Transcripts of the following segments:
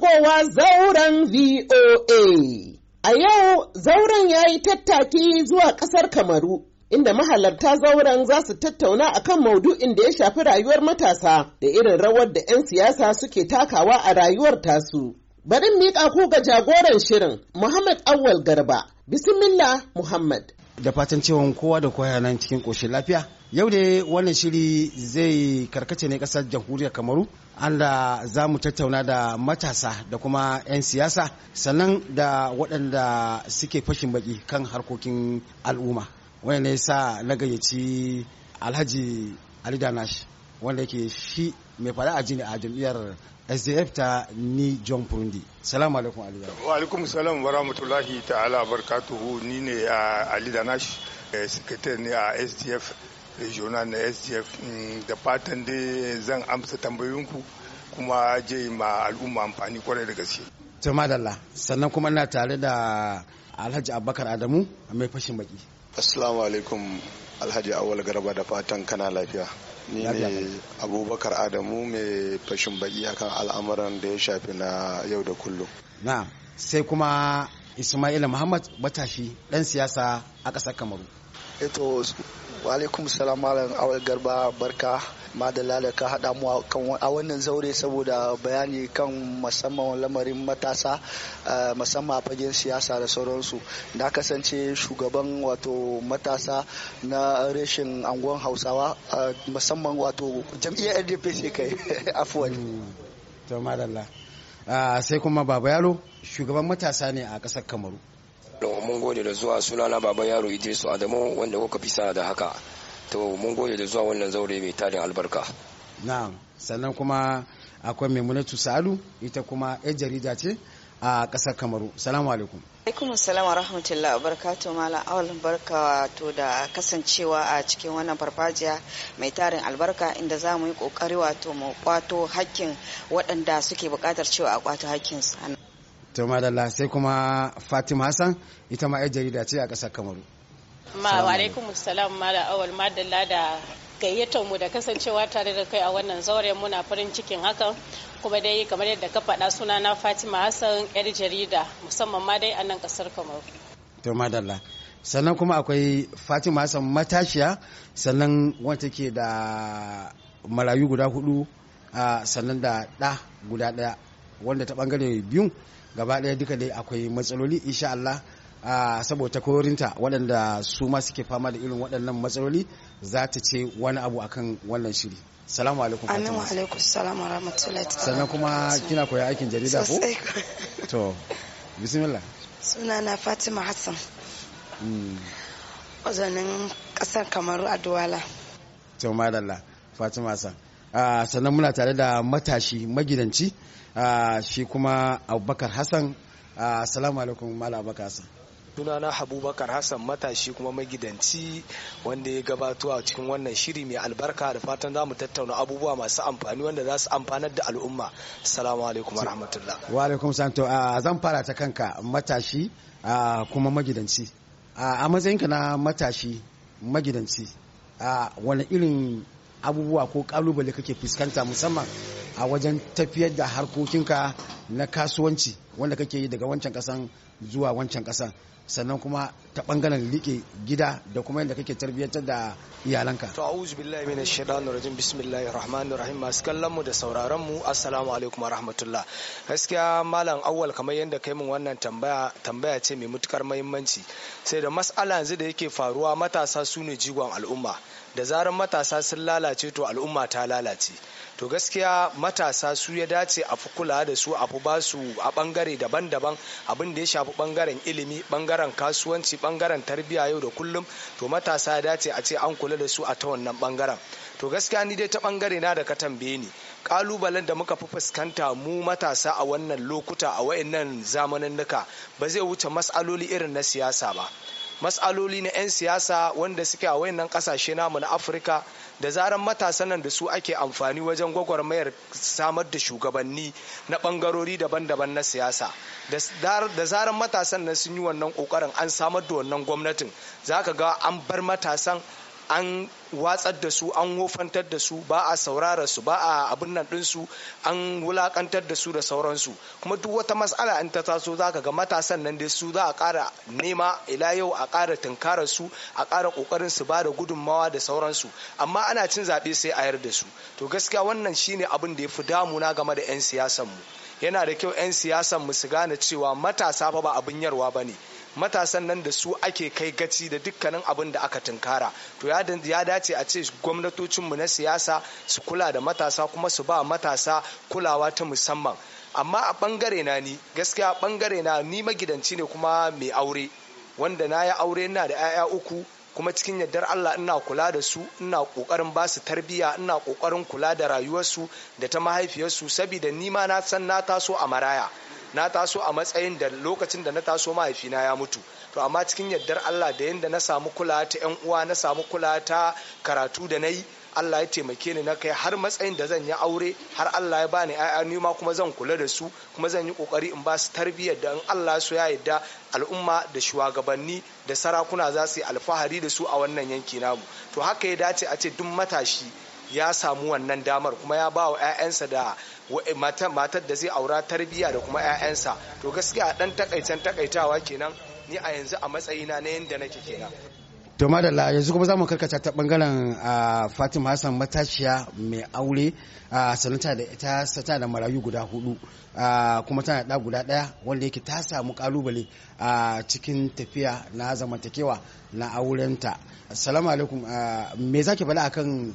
shigowa zauren VOA. A yau zauren ya yi tattaki zuwa ƙasar Kamaru, inda mahalarta zauren za su tattauna kan maudu'in da ya shafi rayuwar matasa da irin rawar da 'yan siyasa suke takawa a rayuwar tasu. Bari miƙa ku ga jagoran shirin Muhammad Awal Garba, Bismillah Muhammad. Da fatan cewa kowa da kowa nan cikin ƙoshin lafiya. Yau da wannan shiri zai karkace ne ƙasar jamhuriyar Kamaru Allah za mu tattauna da matasa da kuma 'yan siyasa sannan da waɗanda suke fashin baki kan harkokin al'umma wanda ne sa na gayyaci alhaji ali danash wanda yake shi mai faɗa a jini a jam'iyyar sdf ta ni john burundi salamu alaikum ali wa alaikum salam wa rahmatullahi ta'ala barkatuhu ni ne ali danash eh, sakatare ne a sdf regional na sdf mm, da fatan dai zan amsa tambayoyinku kuma je ma al'umma amfani kwarai da gaske. To madalla sannan kuma na tare da Alhaji Abubakar Adamu mai fashin baki. Assalamu alaikum Alhaji Awal Garba da fatan kana lafiya. Ni ne Abubakar Adamu mai fashin baki akan al'amuran da ya shafi na yau da kullum. Na sai kuma Ismail Muhammad matashi dan siyasa a ƙasar Kamaru. Eto, eh wa alaikum salam Awal Garba barka madalla da ka haɗa mu a wannan zaure saboda bayani kan musamman lamarin matasa eh, musamman a fagen siyasa da sauransu na kasance shugaban wato matasa na reshen angon hausawa eh, musamman wato jam'iyyar rdp sai kai afuwan hmm. to madalla ah, sai kuma baba yalo shugaban matasa ne a ƙasar kamaru mun gode da zuwa sunana baba yaro idrisu adamu wanda kuka fi sana da haka to mun gode da zuwa wannan zaure mai tarin albarka na'am sannan kuma akwai maimunatu salu ita kuma yar jarida ce a kasar kamaru salamu alaikum alaikum assalam wa rahmatullahi wa barakatu malam awal barka to da kasancewa a cikin wannan farfajiya mai tarin albarka inda za mu yi kokari wato mu kwato hakkin waɗanda suke buƙatar cewa a kwato hakkin su to madalla sai kuma fatima hassan ita ma yar jarida ce a ƙasar kamaru Ma wa alaikum awal madalla da gayyatar mu da kasancewa tare da kai a wannan zauren muna farin cikin hakan kuma dai kamar yadda ka faɗa suna na Fatima Hassan yar jarida musamman ma dai a nan kasar Kamaru. To madalla. Sannan kuma akwai Fatima Hassan matashiya sannan wanda ke da marayu guda hudu sannan da ɗa guda ɗaya wanda ta bangare biyun gaba ɗaya duka dai akwai matsaloli insha Allah saboda korinta waɗanda su ma suke fama da irin waɗannan matsaloli za ta ce wani abu akan wannan shiri salamu alaikum amin wa alaikum salamu rahmatullahi sannan kuma kina koya aikin jarida ko to bismillah suna na fatima hassan mazanin hmm. kasar kamaru a duwala to madalla fatima hassan sannan muna tare da matashi magidanci shi kuma abubakar hassan salamu alaikum malam abubakar hassan suna na habubakar hassan matashi kuma magidanci wanda ya gabato a cikin wannan shiri mai albarka da fatan za mu tattauna abubuwa masu amfani wanda za su amfanar da al'umma salamu alaikum wa rahmatullah wa alaikum santo ah, zan fara ta kanka matashi ah, kuma magidanci ah, a matsayinka na matashi magidanci wani irin abubuwa ko kalubale kake fuskanta musamman a wajen tafiyar da harkokinka na kasuwanci wanda kake yi daga wancan kasan zuwa wancan kasan sannan kuma ta bangaren liƙe gida da kuma yadda kake tarbiyyantar da iyalanka to a'udhu billahi minash shaitanir rajim bismillahir rahmanir rahim masu kallon mu da sauraron mu assalamu alaikum rahmatullah gaskiya malam awwal kamar yadda kai min wannan tambaya ce mai mutukar muhimmanci sai da mas'ala yanzu da yake faruwa matasa su ne jigon al'umma da zarar matasa sun lalace to al'umma ta lalace to gaskiya matasa su ya dace a fi kula da su a fi ba su a bangare daban-daban abin da ya shafi bangaren ilimi bangaren kasuwanci bangaren tarbiyya yau da kullum to matasa ya dace a ce an kula da su a ta wannan bangaren to gaskiya ni dai ta bangare na da ka tambaye ni kalubalen da muka fi fuskanta mu matasa a wannan lokuta a wayannan zamanin ba zai wuce matsaloli irin na siyasa ba matsaloli na 'yan siyasa wanda suke a wayannan kasashe namu na afirka da zaran matasan nan da su ake amfani wajen gwagwarmayar samar da shugabanni na bangarori daban-daban na siyasa da zaran matasan nan sun yi wannan kokarin an samar da wannan gwamnatin za ka ga an bar matasan an watsar da su an wofantar da su ba a saurara su ba a abin nan ɗinsu an wulakantar da su da sauransu kuma duk wata matsala in ta taso za ka ga matasan nan dai su za a ƙara nema ila yau a ƙara tunkarar su a ƙara ƙoƙarin su ba da gudunmawa da sauransu amma ana cin zaɓe sai a yar da su to gaskiya wannan shine abin da ya fi damuna game da 'yan siyasan mu yana da kyau 'yan siyasan mu su gane cewa matasa fa ba abin yarwa ba ne matasan nan da su ake kai gaci da dukkanin abin da aka tunkara to ya dace a ce gwamnatocinmu na siyasa su kula da matasa kuma su ba matasa kulawa ta musamman amma a bangare na ni gaskiya bangare na ni magidanci ne kuma mai aure wanda na yi aure na da 'ya'ya uku kuma cikin yardar Allah ina kula da su ina kokarin ba su tarbiya ina kokarin kula da rayuwarsu da ta mahaifiyarsu saboda ni ma na san na taso a maraya na taso a matsayin da lokacin da na taso mahaifina ya mutu to amma cikin yardar Allah da yadda na samu kula ta yan uwa na samu kula ta karatu da na yi Allah ya taimake ni na kai har matsayin da zan yi aure har Allah ya bani ƴaƴa ni ma kuma zan kula da su kuma zan yi kokari in ba su tarbiyyar da in Allah so ya yarda al'umma da shugabanni da sarakuna za su yi alfahari da su a wannan yanki namu to haka ya dace a ce duk matashi ya samu wannan damar kuma ya ba wa 'ya'yansa da matar da zai aura tarbiyya da kuma 'ya'yansa to gaskiya dan takaitan takaitawa kenan ni a yanzu a matsayina na yanda nake kenan to madalla yanzu kuma zamu karkata ta bangaren Fatima Hassan matashiya mai aure sanata da ita sata da marayu guda hudu kuma tana da guda daya wanda yake ta samu kalubale a cikin tafiya na zamantakewa na aurenta assalamu alaikum me zaki faɗa akan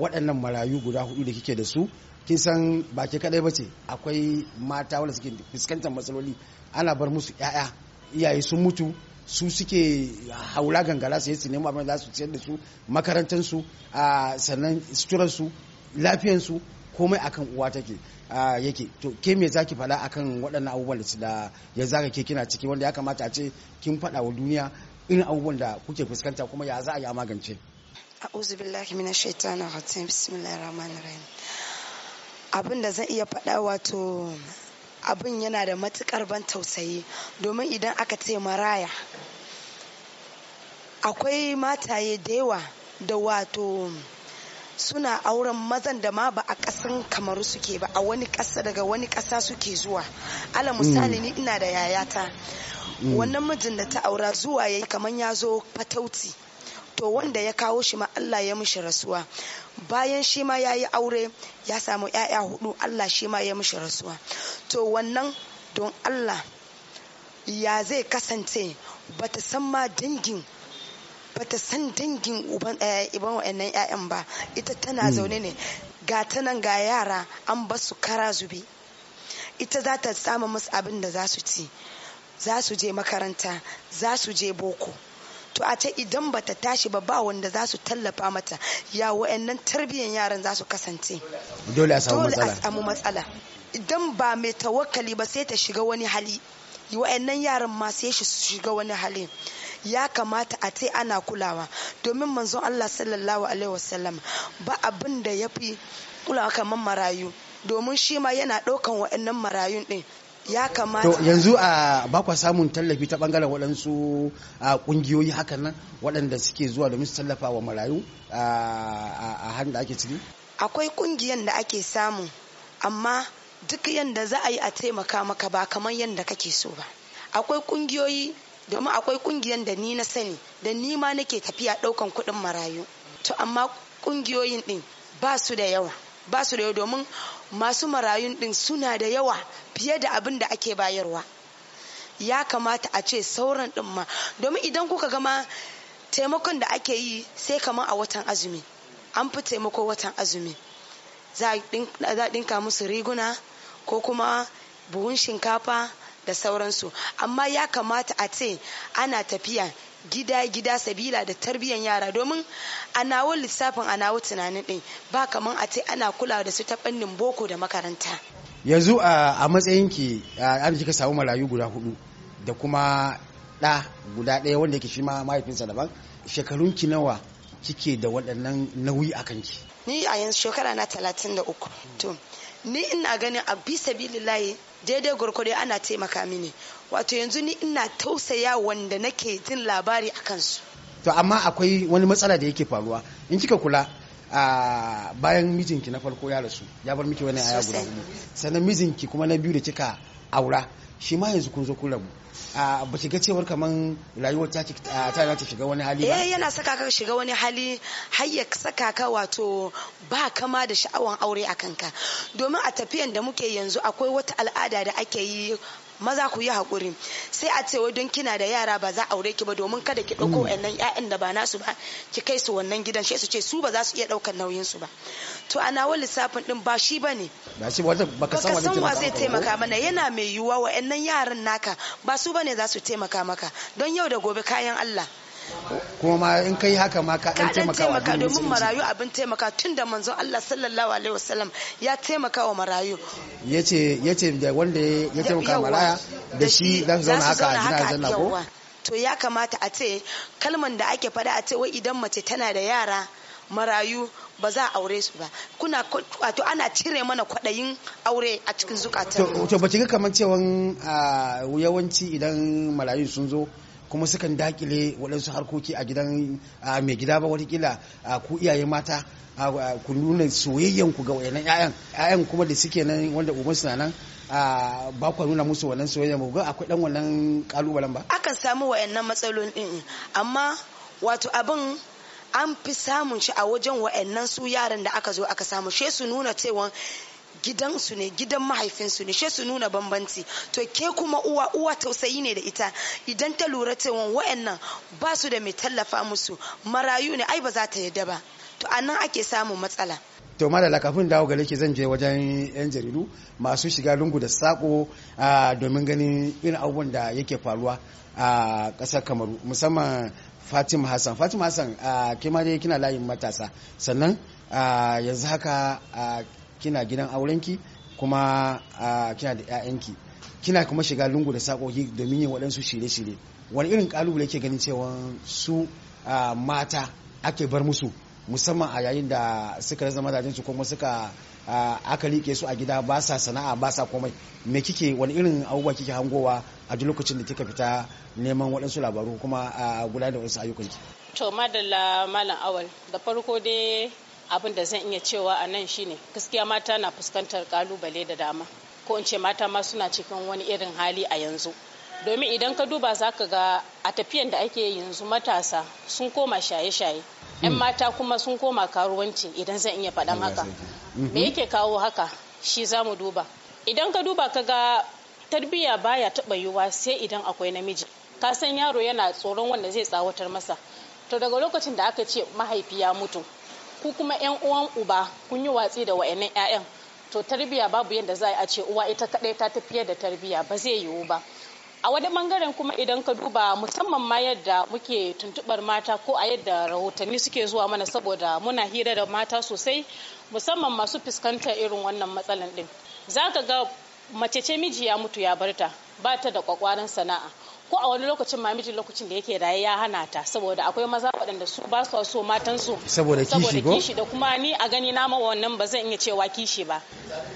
waɗannan marayu guda hudu da kike da su kin san ba ke kadai ba ce akwai mata wanda suke fuskantar matsaloli ana bar musu yaya iyaye sun mutu su suke haula gangara su su nemo abin da su ciyar da su makarantar su sannan suturarsu komai akan uwa take yake to ke me zaki faɗa akan waɗannan abubuwan da da ya zaga ke kina ciki wanda ya kamata a ce kin faɗa wa duniya irin abubuwan da kuke fuskanta kuma ya za a yi magance a'udhu billahi minash shaitanir rajim bismillahir rahmanir rahim abin da zan iya faɗa wato abin yana da matukar ban tausayi domin idan aka ce maraya akwai mataye da yawa da wato suna auren mazan da ma ba a ƙasan kamar suke ba a wani ƙasa daga wani ƙasa suke zuwa ala mm. misali ni ina da yayata mm. wannan mijin da ta aura zuwa yayi kamar ya zo fatauci to wanda ya kawo shi ma Allah ya mishi rasuwa bayan shi ma ya yi aure ya samu 'ya'ya hudu Allah shi ma ya mishi rasuwa to wannan don Allah ya zai kasance bata san ma dangin bata san dangin uban eh, wa'annan 'ya'yan ba ita tana hmm. zaune ne ga ta nan ga yara an ba su kara zube ita za ta samu musu abin da za su ci za su je makaranta za su je boko to a ce idan bata tashi ba ba wanda za su tallafa mata ya wa'annan tarbiyyar yaran za su kasance dole a samu matsala idan ba mai tawakali ba sai ta shiga wani hali wa'annan yaran ma sai shi shiga wani hali ya kamata a ce ana kulawa domin manzon Allah sallallahu alaihi wasallam ba abin da ya fi kulawa kamar marayu domin shi ma yana ɗaukan wa'annan marayun ɗin ya kamata yanzu a bakwa samun tallafi ta bangaren waɗansu a kungiyoyi hakan nan waɗanda suke zuwa domin su tallafa wa marayu a hannun da ake ciki akwai ƙungiyan da ake samu amma duk yadda za a yi a taimaka maka ba kamar yadda kake so ba akwai kungiyoyi domin akwai ƙungiyan da ni na sani da ni ma nake tafiya ɗaukan kuɗin marayu to amma kungiyoyin ɗin ba su da yawa ba su da yawa domin masu marayun din suna da yawa fiye da abin da ake bayarwa ya kamata a ce sauran din ma domin idan kuka gama taimakon da ake yi sai kamar a watan azumi an fi taimako watan azumi za a dinka musu riguna ko kuma buhun shinkafa da sauransu amma ya kamata a ce ana tafiya gida-gida sabila da tarbiyyar yara domin a nawo lissafin a nawo tunanin ɗin ba kamar a ce ana kula da su ta fannin boko da makaranta yanzu a matsayinki an kika samu marayu guda hudu da kuma ɗa guda ɗaya wanda yake shi ma mahaifinsa daban shekarun ki nawa kike da waɗannan nauyi a kanki ni a yanzu shekara na talatin da to ni ina ganin a bisa bilillahi daidai gwargwado ana taimaka mini wato yanzu ni ina tausaya wanda nake jin labari a kansu to amma akwai wani matsala da yake faruwa in kika kula a bayan mijinki na farko ya rasu ya bar miki wani aya guda hudu sannan mijinki kuma na biyu da kika aura shi ma yanzu kun zo kun rabu a ba ga cewar kamar rayuwar ta ta ta shiga wani hali ba eh, yana saka ka shiga wani hali har ya saka ka wato ba kama da sha'awan aure a kanka domin a tafiyan da muke yanzu akwai wata al'ada da ake yi maza ku yi hakuri sai a ce don kina da yara ba za a aure ki ba domin kada ki ɗauko mm. wayannan ƴaƴan da ba nasu ba ki kai su wannan gidan sai su ce su ba za su iya ɗaukar nauyin su ba to a nawa lissafin din ba shi ba ne ba baka san wa zai taimaka mana yana mai yiwuwa wa'annan yaran naka ba su bane za su taimaka maka don yau da gobe kayan Allah kuma ma in kai haka ma ka dan taimaka wa domin marayu abin taimaka tun da manzo Allah sallallahu alaihi wasallam ya taimaka wa marayu yace yace da wanda ya taimaka maraya da shi za su zauna haka a jina zanna ko to ya kamata a ce kalman da ake faɗa a ce wai idan mace tana da yara marayu ba za a aure su ba kuna wato ana cire mana kwaɗayin aure a cikin zukatan to ba ga kamar cewa ah, yawanci idan marayu sun zo kuma sukan dakile waɗansu harkoki a gidan mai gida ba watakila ku iyaye mata ku nuna soyayyen ku ga wayannan 'ya'yan 'ya'yan kuma da suke nan wanda ubansu na nan ba ku nuna musu wannan soyayya mu ga akwai dan wannan kalubalen ba akan samu wayannan matsalolin din amma wato abin an fi samun shi a wajen wayannan su yaran da aka zo aka samu she su nuna cewa gidansu ne gidan mahaifinsu ne she su nuna bambanci to ke kuma uwa uwa tausayi ne da ita idan ta lura cewa wa'annan ba su da mai tallafa musu marayu ne ai ba za ta yadda ba to anan ake samun matsala to mara lakafin dawo gare ki zan je wajen yan jaridu masu shiga lungu da sako domin ganin irin abubuwan da yake faruwa a kasar kamaru musamman fatima hassan fatima hassan ke ma dai kina layin matasa sannan yanzu haka kina gidan aurenki kuma kina da 'ya'yanki kina kuma shiga lungu da sakoki domin yin waɗansu shirye-shirye wani irin kalubale ke ganin cewa su mata ake bar musu musamman a yayin da suka zama mazajensu kuma suka aka rike su a gida ba sa sana'a ba sa komai me kike wani irin abubuwa kike hangowa a duk lokacin da kika fita neman waɗansu labaru kuma a gudanar da wasu ayyukan ki to madalla malam awal da farko dai abin da zan iya cewa a nan shine gaskiya mata na fuskantar kalubale da dama ko in ce mata ma suna cikin wani irin hali a yanzu domin idan ka duba za ka ga a tafiyan da ake yanzu matasa sun koma shaye-shaye 'yan hmm. mata kuma sun koma karuwanci idan zan iya faɗan haka me hmm. yake kawo haka shi za mu duba idan ka duba ka ga tarbiyya baya taɓa yiwuwa sai idan akwai namiji ka san yaro yana tsoron wanda zai tsawatar masa to daga lokacin da aka ce mahaifi ya mutu ku kuma yan uwan uba kun yi watsi da wa'annan 'ya'yan to tarbiya babu yadda za a ce uwa ita kadai ta tafiyar da tarbiyya ba zai yiwu ba a wani bangaren kuma idan ka duba musamman ma yadda muke tuntubar mata ko a yadda rahotanni suke zuwa mana saboda muna hira da mata sosai musamman masu fuskantar irin wannan matsalan din za ka ga mace ce miji ya mutu ya barta ba ta da kwakwaran sana'a ko a wani lokacin ma miji lokacin da yake raye ya hana ta saboda akwai maza waɗanda su ba su so matan su saboda kishi da kuma ni a gani na ma wannan ba zan iya cewa kishi ba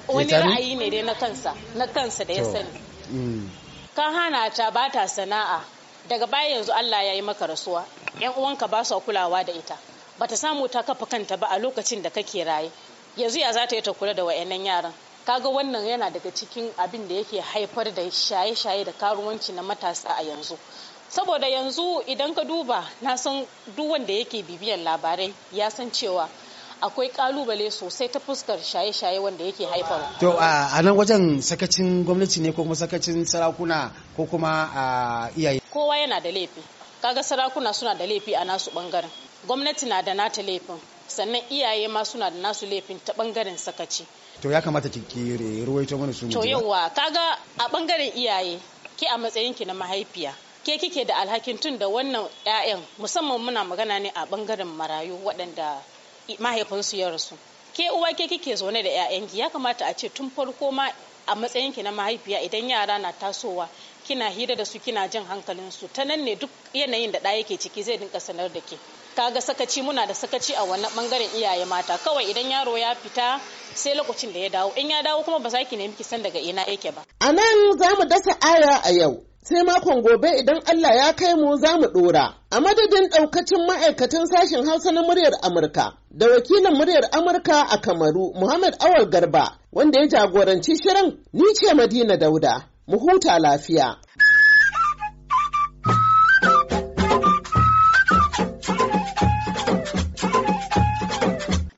wani ra'ayi ne dai na kansa na kansa da ya sani mm. ka hana ta ba ta sana'a daga baya yanzu Allah ya yi maka rasuwa yan uwanka ba su kulawa da ita bata samu ta kafa kanta ba a lokacin da kake raye yanzu ya za ta yi ta kula da wayannan yaran kaga wannan yana daga cikin abin da yake haifar da shaye-shaye da karuwanci na matasa a yanzu saboda yanzu idan ka duba na san duk wanda yake bibiyan labarai ya san cewa akwai kalubale sosai ta fuskar shaye-shaye wanda yake haifar. To a nan wajen sakacin gwamnati ne ko kuma sakacin sarakuna ko kuma iyaye. Kowa yana da laifi. Kaga sarakuna suna da laifi a nasu bangaren. Gwamnati na da nata laifin. Sannan iyaye ma suna da nasu laifin ta bangaren sakaci. to ya kamata ki ruwaito mana su to yawa kaga a bangaren iyaye ke a matsayin ki na mahaifiya ke kike da alhakin tun da wannan 'ya'yan musamman muna magana ne a bangaren marayu waɗanda mahaifinsu ya rasu ke uwa ke kike zaune da ki ya kamata a ce tun farko ma a matsayinki na mahaifiya idan yara na tasowa kina hira da su kina jin hankalin su ta nan ne duk yanayin da ɗa yake ciki zai dinka sanar da ke kaga sakaci muna da sakaci a wannan bangaren iyaye mata kawai idan yaro ya fita sai lokacin da ya dawo in ya dawo kuma ba za ki nemi kisan daga ina yake ba a nan za mu dasa aya a yau sai makon gobe idan Allah ya kai mu za mu dora a madadin daukacin ma'aikatan sashen hausa na muryar amurka da wakilin muryar amurka a kamaru muhammad awal garba wanda ya jagoranci shirin ni ce madina dauda mu huta lafiya